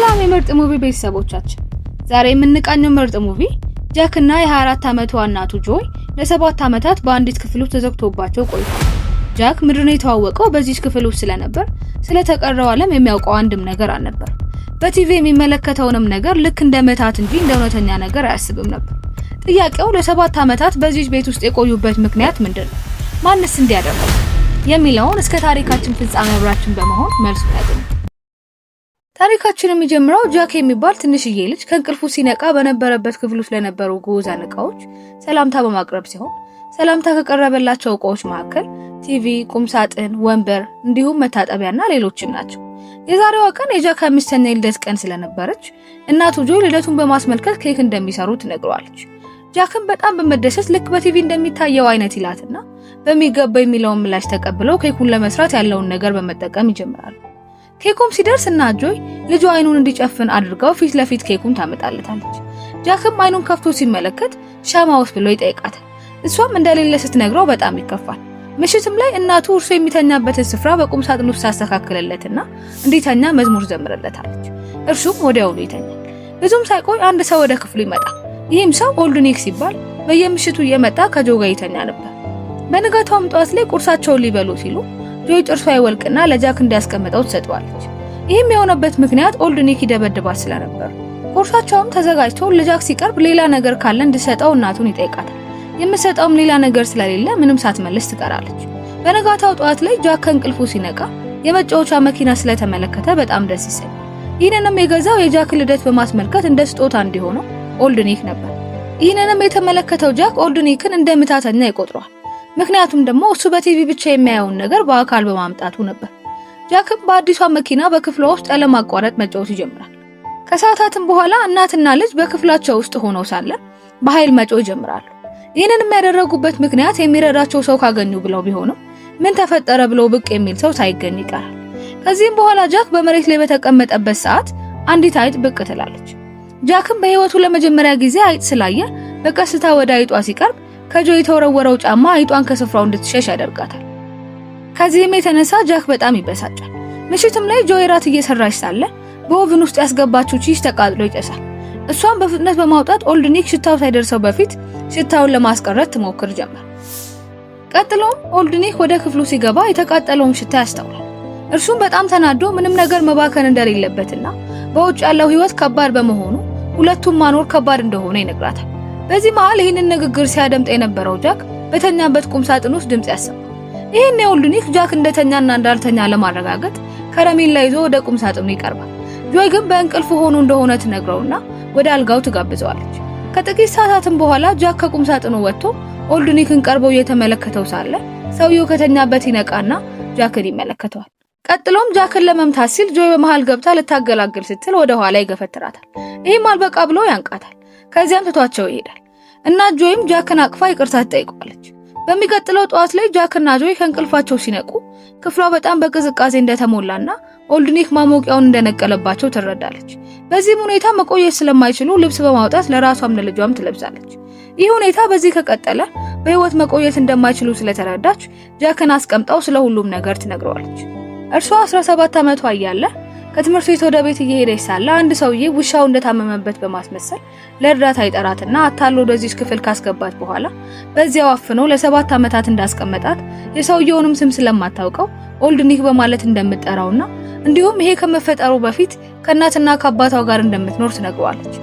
ሰላም የምርጥ ሙቪ ቤተሰቦቻችን፣ ዛሬ የምንቃኘው ምርጥ ሙቪ ጃክ እና የ24 ዓመቷ እናቱ ጆይ ለሰባት ዓመታት በአንዲት ክፍል ውስጥ ተዘግቶባቸው ቆይቷል። ጃክ ምድርን የተዋወቀው በዚች ክፍል ውስጥ ስለነበር ስለተቀረው ዓለም የሚያውቀው አንድም ነገር አልነበር። በቲቪ የሚመለከተውንም ነገር ልክ እንደ መታት እንጂ እንደ እውነተኛ ነገር አያስብም ነበር። ጥያቄው ለሰባት ዓመታት በዚች ቤት ውስጥ የቆዩበት ምክንያት ምንድን ነው? ማንስ እንዲያደረጉ የሚለውን እስከ ታሪካችን ፍጻሜ አብራችን በመሆን መልሱን ያገኙ። ታሪካችን የሚጀምረው ጃክ የሚባል ትንሽዬ ልጅ ከእንቅልፉ ሲነቃ በነበረበት ክፍል ውስጥ ለነበሩ ግዑዛን ዕቃዎች ሰላምታ በማቅረብ ሲሆን ሰላምታ ከቀረበላቸው እቃዎች መካከል ቲቪ፣ ቁምሳጥን፣ ወንበር እንዲሁም መታጠቢያና ሌሎችም ናቸው። የዛሬዋ ቀን የጃክ አምስተኛ የልደት ቀን ስለነበረች እናቱ ጆ ልደቱን በማስመልከት ኬክ እንደሚሰሩ ትነግረዋለች። ጃክን በጣም በመደሰት ልክ በቲቪ እንደሚታየው አይነት ይላትና በሚገባ የሚለውን ምላሽ ተቀብለው ኬኩን ለመስራት ያለውን ነገር በመጠቀም ይጀምራሉ። ኬኩም ሲደርስ እና ጆይ ልጁ አይኑን እንዲጨፍን አድርገው ፊት ለፊት ኬኩን ታመጣለታለች። ጃክም አይኑን ከፍቶ ሲመለከት ሻማውስ ብሎ ይጠይቃታል። እሷም እንደሌለ ስትነግረው በጣም ይከፋል። ምሽትም ላይ እናቱ እርሱ የሚተኛበትን ስፍራ በቁም ሳጥን ውስጥ ታስተካክልለትና እንዲተኛ መዝሙር ዘምርለታለች። እርሱም ወዲያውኑ ይተኛል። ብዙም ሳይቆይ አንድ ሰው ወደ ክፍሉ ይመጣል። ይህም ሰው ኦልዱኒክ ሲባል በየምሽቱ እየመጣ ከጆ ጋር ይተኛ ነበር። በንጋቷም ጠዋት ላይ ቁርሳቸውን ሊበሉ ሲሉ ጆይ ጥርሷ ይወልቅና ለጃክ እንዲያስቀምጠው ትሰጠዋለች። ይህም የሆነበት ምክንያት ኦልድ ኒክ ይደበድባት ስለነበር። ቁርሳቸውም ተዘጋጅቶ ለጃክ ሲቀርብ ሌላ ነገር ካለ እንድሰጠው እናቱን ይጠይቃታል። የምትሰጠውም ሌላ ነገር ስለሌለ ምንም ሳትመልስ ትቀራለች። በነጋታው ጠዋት ላይ ጃክ ከእንቅልፉ ሲነቃ የመጫወቻ መኪና ስለተመለከተ በጣም ደስ ይሰኛል። ይህንንም የገዛው የጃክ ልደት በማስመልከት እንደ ስጦታ እንዲሆነው ኦልድ ኒክ ነበር። ይህንንም የተመለከተው ጃክ ኦልድ ኒክን እንደ ምታተኛ ይቆጥረዋል። ምክንያቱም ደግሞ እሱ በቲቪ ብቻ የሚያየውን ነገር በአካል በማምጣቱ ነበር። ጃክም በአዲሷ መኪና በክፍሏ ውስጥ ያለማቋረጥ መጫወት ይጀምራል። ከሰዓታትም በኋላ እናትና ልጅ በክፍላቸው ውስጥ ሆነው ሳለ በኃይል መጮህ ይጀምራሉ። ይህንን የሚያደረጉበት ምክንያት የሚረዳቸው ሰው ካገኙ ብለው ቢሆንም ምን ተፈጠረ ብለው ብቅ የሚል ሰው ሳይገኝ ይቀራል። ከዚህም በኋላ ጃክ በመሬት ላይ በተቀመጠበት ሰዓት አንዲት አይጥ ብቅ ትላለች። ጃክም በህይወቱ ለመጀመሪያ ጊዜ አይጥ ስላየ በቀስታ ወደ አይጧ ሲቀርብ ከጆ የተወረወረው ጫማ አይጧን ከስፍራው እንድትሸሽ ያደርጋታል። ከዚህም የተነሳ ጃክ በጣም ይበሳጫል። ምሽትም ላይ ጆ እራት እየሰራች ሳለ በኦቭን ውስጥ ያስገባችው ቺዝ ተቃጥሎ ይጨሳል። እሷም በፍጥነት በማውጣት ኦልድ ኒክ ሽታው ሳይደርሰው በፊት ሽታውን ለማስቀረት ትሞክር ጀመር። ቀጥሎም ኦልድ ኒክ ወደ ክፍሉ ሲገባ የተቃጠለውን ሽታ ያስተውላል። እርሱም በጣም ተናዶ ምንም ነገር መባከን እንደሌለበትና በውጭ ያለው ህይወት ከባድ በመሆኑ ሁለቱም ማኖር ከባድ እንደሆነ ይነግራታል። በዚህ መሃል ይህንን ንግግር ሲያደምጥ የነበረው ጃክ በተኛበት ቁም ሳጥን ውስጥ ድምፅ ያሰማል። ይህን የውልኒክ ጃክ እንደተኛና እንዳልተኛ ለማረጋገጥ ከረሜላ ይዞ ወደ ቁም ሳጥኑ ይቀርባል። ጆይ ግን በእንቅልፍ ሆኖ እንደሆነ ትነግረውና ወደ አልጋው ትጋብዘዋለች። ከጥቂት ሰዓታትም በኋላ ጃክ ከቁም ሳጥኑ ወጥቶ ኦልድኒክን ቀርበው እየተመለከተው ሳለ ሰውየው ከተኛበት ይነቃና ጃክን ይመለከተዋል። ቀጥሎም ጃክን ለመምታት ሲል ጆይ በመሃል ገብታ ልታገላግል ስትል ወደ ኋላ ይገፈትራታል። ይህም አልበቃ ብሎ ያንቃታል። ከዚያም ትቷቸው ይሄዳል እና ጆይም ጃክን አቅፋ ይቅርታ ትጠይቀዋለች። በሚቀጥለው ጠዋት ላይ ጃክና ጆይ ከእንቅልፋቸው ሲነቁ ክፍሏ በጣም በቅዝቃዜ እንደተሞላና ኦልድኒክ ማሞቂያውን እንደነቀለባቸው ትረዳለች። በዚህም ሁኔታ መቆየት ስለማይችሉ ልብስ በማውጣት ለራሷም ለልጇም ትለብሳለች። ይህ ሁኔታ በዚህ ከቀጠለ በህይወት መቆየት እንደማይችሉ ስለተረዳች ጃክን አስቀምጣው ስለ ሁሉም ነገር ትነግረዋለች። እርሷ 17 ዓመቷ እያለ ከትምህርት ቤት ወደ ቤት እየሄደች ሳለ አንድ ሰውዬ ውሻው እንደታመመበት በማስመሰል ለእርዳታ ይጠራትና አታሎ ወደዚች ክፍል ካስገባት በኋላ በዚያው አፍኖ ለሰባት ዓመታት እንዳስቀመጣት የሰውየውንም ስም ስለማታውቀው ኒክ በማለት እንደምትጠራውና እንዲሁም ይሄ ከመፈጠሩ በፊት ከእናትና ከአባቷ ጋር እንደምትኖር ትነግረዋለች።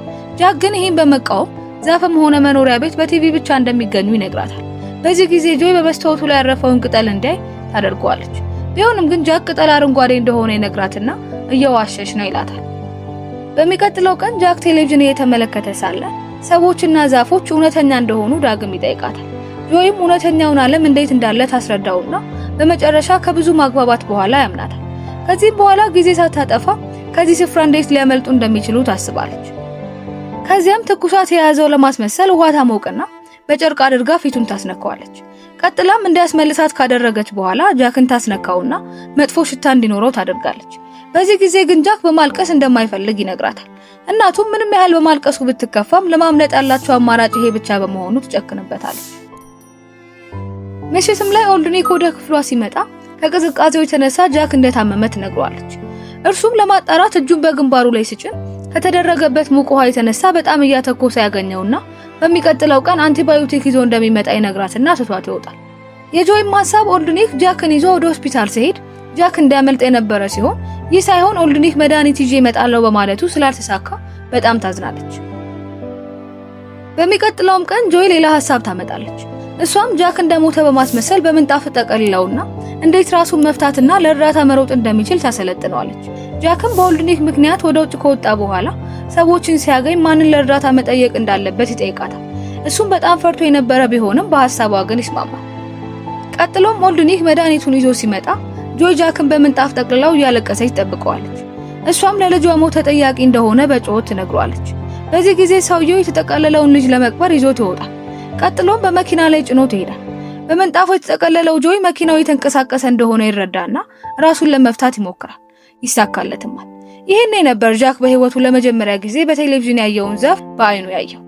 ጃክ ግን ይህን በመቃወም ዛፍም ሆነ መኖሪያ ቤት በቲቪ ብቻ እንደሚገኙ ይነግራታል። በዚህ ጊዜ ጆይ በመስታወቱ ላይ ያረፈውን ቅጠል እንዲያይ ታደርገዋለች። ቢሆንም ግን ጃክ ቅጠል አረንጓዴ እንደሆነ ይነግራትና እየዋሸሽ ነው ይላታል። በሚቀጥለው ቀን ጃክ ቴሌቪዥን እየተመለከተ ሳለ ሰዎችና ዛፎች እውነተኛ እንደሆኑ ዳግም ይጠይቃታል። ጆይም እውነተኛውን ዓለም እንዴት እንዳለ ታስረዳውና በመጨረሻ ከብዙ ማግባባት በኋላ ያምናታል። ከዚህም በኋላ ጊዜ ሳታጠፋ ከዚህ ስፍራ እንዴት ሊያመልጡ እንደሚችሉ ታስባለች። ከዚያም ትኩሳት የያዘው ለማስመሰል ውሃ ታሞቅና በጨርቅ አድርጋ ፊቱን ታስነካዋለች። ቀጥላም እንዲያስመልሳት ካደረገች በኋላ ጃክን ታስነካውና መጥፎ ሽታ እንዲኖረው ታደርጋለች። በዚህ ጊዜ ግን ጃክ በማልቀስ እንደማይፈልግ ይነግራታል። እናቱም ምንም ያህል በማልቀሱ ብትከፋም ለማምለጥ ያላቸው አማራጭ ይሄ ብቻ በመሆኑ ትጨክንበታለች። ምሽትም ላይ ኦልድኒክ ወደ ክፍሏ ሲመጣ ከቅዝቃዜው የተነሳ ጃክ እንደታመመ ትነግሯለች። እርሱም ለማጣራት እጁን በግንባሩ ላይ ሲጭን ከተደረገበት ሙቅ ውሃ የተነሳ በጣም እያተኮሰ ያገኘውና በሚቀጥለው ቀን አንቲባዮቲክ ይዞ እንደሚመጣ ይነግራትና ስቷት ይወጣል። የጆይም ሀሳብ ኦልድኒክ ጃክን ይዞ ወደ ሆስፒታል ሲሄድ ጃክ እንዲያመልጥ የነበረ ሲሆን ይህ ሳይሆን ኦልድኒክ መድኃኒት ይዤ እመጣለሁ በማለቱ ስላልተሳካ በጣም ታዝናለች። በሚቀጥለውም ቀን ጆይ ሌላ ሀሳብ ታመጣለች። እሷም ጃክ እንደሞተ በማስመሰል በምንጣፍ ጠቀልለውና እንዴት ራሱን መፍታትና ለእርዳታ መሮጥ እንደሚችል ታሰለጥነዋለች። ጃክም በወልድኔት ምክንያት ወደ ውጭ ከወጣ በኋላ ሰዎችን ሲያገኝ ማንን ለእርዳታ መጠየቅ እንዳለበት ይጠይቃታል። እሱም በጣም ፈርቶ የነበረ ቢሆንም በሀሳቧ ግን ይስማማል። ቀጥሎም ወልድኔት መድኃኒቱን ይዞ ሲመጣ ጆይ ጃክን በምንጣፍ ጠቅልላው እያለቀሰች ትጠብቀዋለች። እሷም ለልጇ ሞት ተጠያቂ እንደሆነ በጩኸት ትነግሯለች። በዚህ ጊዜ ሰውየው የተጠቀለለውን ልጅ ለመቅበር ይዞት ይወጣል። ቀጥሎም በመኪና ላይ ጭኖት ይሄዳል። በምንጣፉ የተጠቀለለው ጆይ መኪናው የተንቀሳቀሰ እንደሆነ ይረዳና ራሱን ለመፍታት ይሞክራል። ይሳካለትማል። ይህን ነበር ጃክ በህይወቱ ለመጀመሪያ ጊዜ በቴሌቪዥን ያየውን ዛፍ በአይኑ ያየው።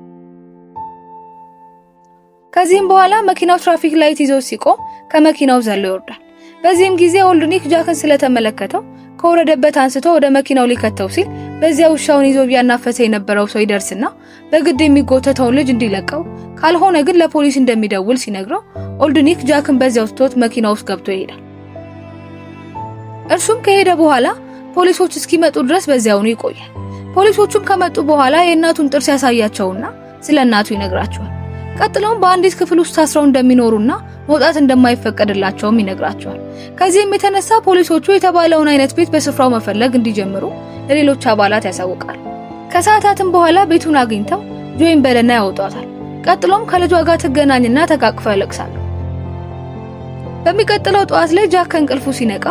ከዚህም በኋላ መኪናው ትራፊክ ላይት ይዞ ሲቆም ከመኪናው ዘሎ ይወርዳል። በዚህም ጊዜ ኦልድኒክ ጃክን ስለተመለከተው ከወረደበት አንስቶ ወደ መኪናው ሊከተው ሲል በዚያ ውሻውን ይዞ ቢያናፈሰ የነበረው ሰው ይደርስና በግድ የሚጎተተውን ልጅ እንዲለቀው ካልሆነ ግን ለፖሊስ እንደሚደውል ሲነግረው ኦልድኒክ ጃክን በዚያው ትቶት መኪና ውስጥ ገብቶ ይሄዳል። እርሱም ከሄደ በኋላ ፖሊሶች እስኪመጡ ድረስ በዚያውኑ ይቆያል። ፖሊሶቹም ከመጡ በኋላ የእናቱን ጥርስ ያሳያቸውና ስለ እናቱ ይነግራቸዋል። ቀጥለውም በአንዲት ክፍል ውስጥ ታስረው እንደሚኖሩና መውጣት እንደማይፈቀድላቸውም ይነግራቸዋል። ከዚህም የተነሳ ፖሊሶቹ የተባለውን አይነት ቤት በስፍራው መፈለግ እንዲጀምሩ ለሌሎች አባላት ያሳውቃል። ከሰዓታትም በኋላ ቤቱን አግኝተው ጆይን በለና ያወጧታል። ቀጥሎም ከልጇ ጋር ትገናኝና ተቃቅፈው ያለቅሳሉ። በሚቀጥለው ጠዋት ላይ ጃክ ከእንቅልፉ ሲነቃ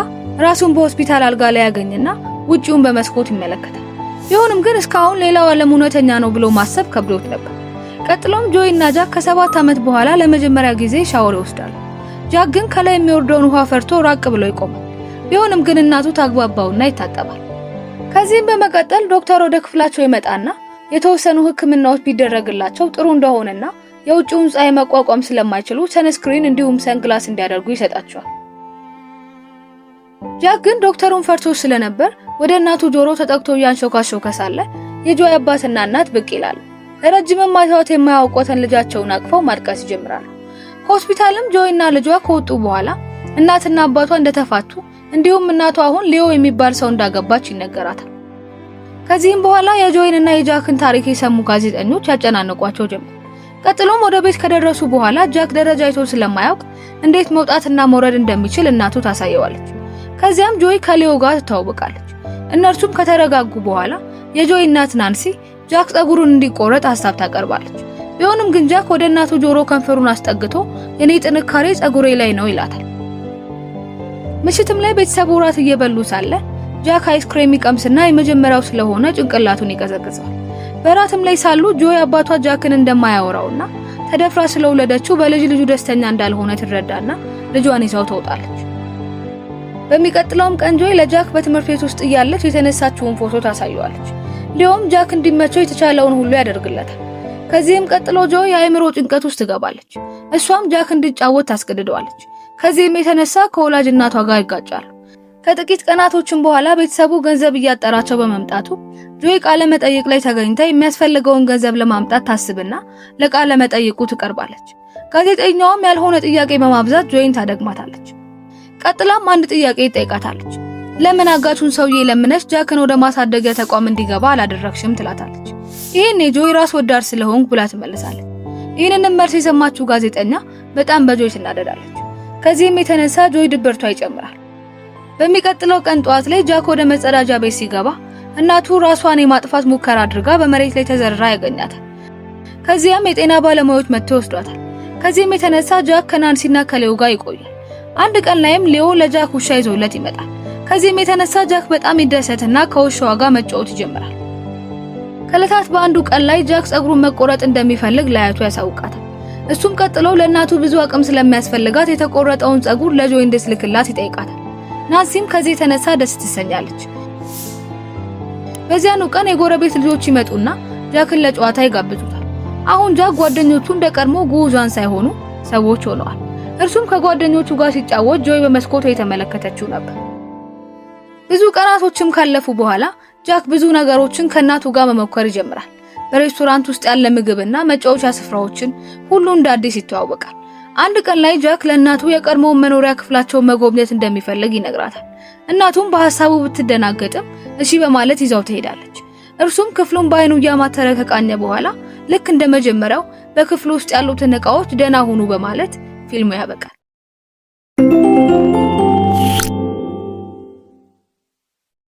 ራሱን በሆስፒታል አልጋ ላይ ያገኝና ውጪውን በመስኮት ይመለከታል። ቢሆንም ግን እስካሁን ሌላው ዓለም እውነተኛ ነው ብሎ ማሰብ ከብዶት ነበር። ቀጥሎም ጆይ እና ጃክ ከሰባት ዓመት በኋላ ለመጀመሪያ ጊዜ ሻወር ይወስዳሉ። ጃክ ግን ከላይ የሚወርደውን ውሃ ፈርቶ ራቅ ብሎ ይቆማል። ቢሆንም ግን እናቱ ታግባባውና ይታጠባል። ከዚህም በመቀጠል ዶክተር ወደ ክፍላቸው ይመጣና የተወሰኑ ሕክምናዎች ቢደረግላቸው ጥሩ እንደሆነና የውጭውን ፀሐይ መቋቋም ስለማይችሉ ሰንስክሪን እንዲሁም ሰንግላስ እንዲያደርጉ ይሰጣቸዋል። ጃክ ግን ዶክተሩን ፈርቶ ስለነበር ወደ እናቱ ጆሮ ተጠግቶ እያንሾካሾከ ሳለ የጆይ አባትና እናት ብቅ ይላል። ረጅምም አይተዋት የማያውቋትን ልጃቸውን አቅፈው ማድቀስ ይጀምራል። ሆስፒታልም ጆይና ልጇ ከወጡ በኋላ እናትና አባቷ እንደተፋቱ እንዲሁም እናቷ አሁን ሊዮ የሚባል ሰው እንዳገባች ይነገራታል። ከዚህም በኋላ የጆይን እና የጃክን ታሪክ የሰሙ ጋዜጠኞች ያጨናንቋቸው ጀመር። ቀጥሎም ወደ ቤት ከደረሱ በኋላ ጃክ ደረጃ አይቶ ስለማያውቅ እንዴት መውጣትና መውረድ እንደሚችል እናቱ ታሳየዋለች። ከዚያም ጆይ ከሌዮ ጋር ትተዋወቃለች። እነርሱም ከተረጋጉ በኋላ የጆይ እናት ናንሲ ጃክ ጸጉሩን እንዲቆረጥ ሀሳብ ታቀርባለች። ቢሆንም ግን ጃክ ወደ እናቱ ጆሮ ከንፈሩን አስጠግቶ የኔ ጥንካሬ ጸጉሬ ላይ ነው ይላታል። ምሽትም ላይ ቤተሰቡ እራት እየበሉ ሳለ ጃክ አይስክሬም ይቀምስና የመጀመሪያው ስለሆነ ጭንቅላቱን ይቀዘቅዘዋል። በራትም ላይ ሳሉ ጆይ አባቷ ጃክን እንደማያወራውና ተደፍራ ስለወለደችው በልጅ ልጁ ደስተኛ እንዳልሆነ ትረዳና ልጇን ይዛው ተውጣለች። በሚቀጥለውም ቀን ጆይ ለጃክ በትምህርት ቤት ውስጥ እያለች የተነሳችውን ፎቶ ታሳየዋለች። ሊዮም ጃክ እንዲመቸው የተቻለውን ሁሉ ያደርግለታል። ከዚህም ቀጥሎ ጆይ የአእምሮ ጭንቀት ውስጥ ትገባለች። እሷም ጃክ እንዲጫወት ታስገድደዋለች። ከዚህም የተነሳ ከወላጅ እናቷ ጋር ይጋጫሉ። ከጥቂት ቀናቶችም በኋላ ቤተሰቡ ገንዘብ እያጠራቸው በመምጣቱ ጆይ ቃለ መጠይቅ ላይ ተገኝታ የሚያስፈልገውን ገንዘብ ለማምጣት ታስብና ለቃለ መጠይቁ ትቀርባለች። ጋዜጠኛዋም ያልሆነ ጥያቄ በማብዛት ጆይን ታደግማታለች። ቀጥላም አንድ ጥያቄ ይጠይቃታለች። ለምን አጋቹን ሰውዬ ለምነሽ ጃክን ወደ ማሳደጊያ ተቋም እንዲገባ አላደረግሽም ትላታለች። ይህን ጆይ ራስ ወዳድ ስለሆንኩ ብላ ትመልሳለች። ይህንንም መልስ የሰማችው ጋዜጠኛ በጣም በጆይ ትናደዳለች። ከዚህም የተነሳ ጆይ ድብርቷ ይጨምራል። በሚቀጥለው ቀን ጠዋት ላይ ጃክ ወደ መጸዳጃ ቤት ሲገባ እናቱ ራሷን የማጥፋት ሙከራ አድርጋ በመሬት ላይ ተዘርራ ያገኛታል። ከዚያም የጤና ባለሙያዎች መጥተው ይወስዷታል። ከዚህም የተነሳ ጃክ ከናንሲና ከሌው ጋር ይቆያል። አንድ ቀን ላይም ሊዮ ለጃክ ውሻ ይዞለት ይመጣል። ከዚህም የተነሳ ጃክ በጣም ይደሰትና ከውሻዋ ጋር መጫወት ይጀምራል። ከለታት በአንዱ ቀን ላይ ጃክ ጸጉሩን መቆረጥ እንደሚፈልግ ለአያቱ ያሳውቃታል። እሱም ቀጥሎ ለእናቱ ብዙ አቅም ስለሚያስፈልጋት የተቆረጠውን ጸጉር ለጆይ እንድትልክላት ይጠይቃታል። ናሲም ከዚህ የተነሳ ደስ ትሰኛለች። በዚያኑ ቀን የጎረቤት ልጆች ይመጡና ጃክን ለጨዋታ ይጋብዙታል። አሁን ጃክ ጓደኞቹ እንደቀድሞ ጉዟን ሳይሆኑ ሰዎች ሆነዋል። እርሱም ከጓደኞቹ ጋር ሲጫወት ጆይ በመስኮቷ የተመለከተችው ነበር። ብዙ ቀናቶችም ካለፉ በኋላ ጃክ ብዙ ነገሮችን ከእናቱ ጋር መሞከር ይጀምራል። በሬስቶራንት ውስጥ ያለ ምግብና መጫወቻ ስፍራዎችን ሁሉ እንደ አዲስ ይተዋወቃል። አንድ ቀን ላይ ጃክ ለእናቱ የቀድሞውን መኖሪያ ክፍላቸውን መጎብኘት እንደሚፈልግ ይነግራታል። እናቱም በሐሳቡ ብትደናገጥም እሺ በማለት ይዛው ትሄዳለች። እርሱም ክፍሉን በአይኑ እያማተረ ከቃኘ በኋላ ልክ እንደመጀመሪያው በክፍሉ ውስጥ ያሉትን እቃዎች ደህና ሁኑ በማለት ፊልሙ ያበቃል።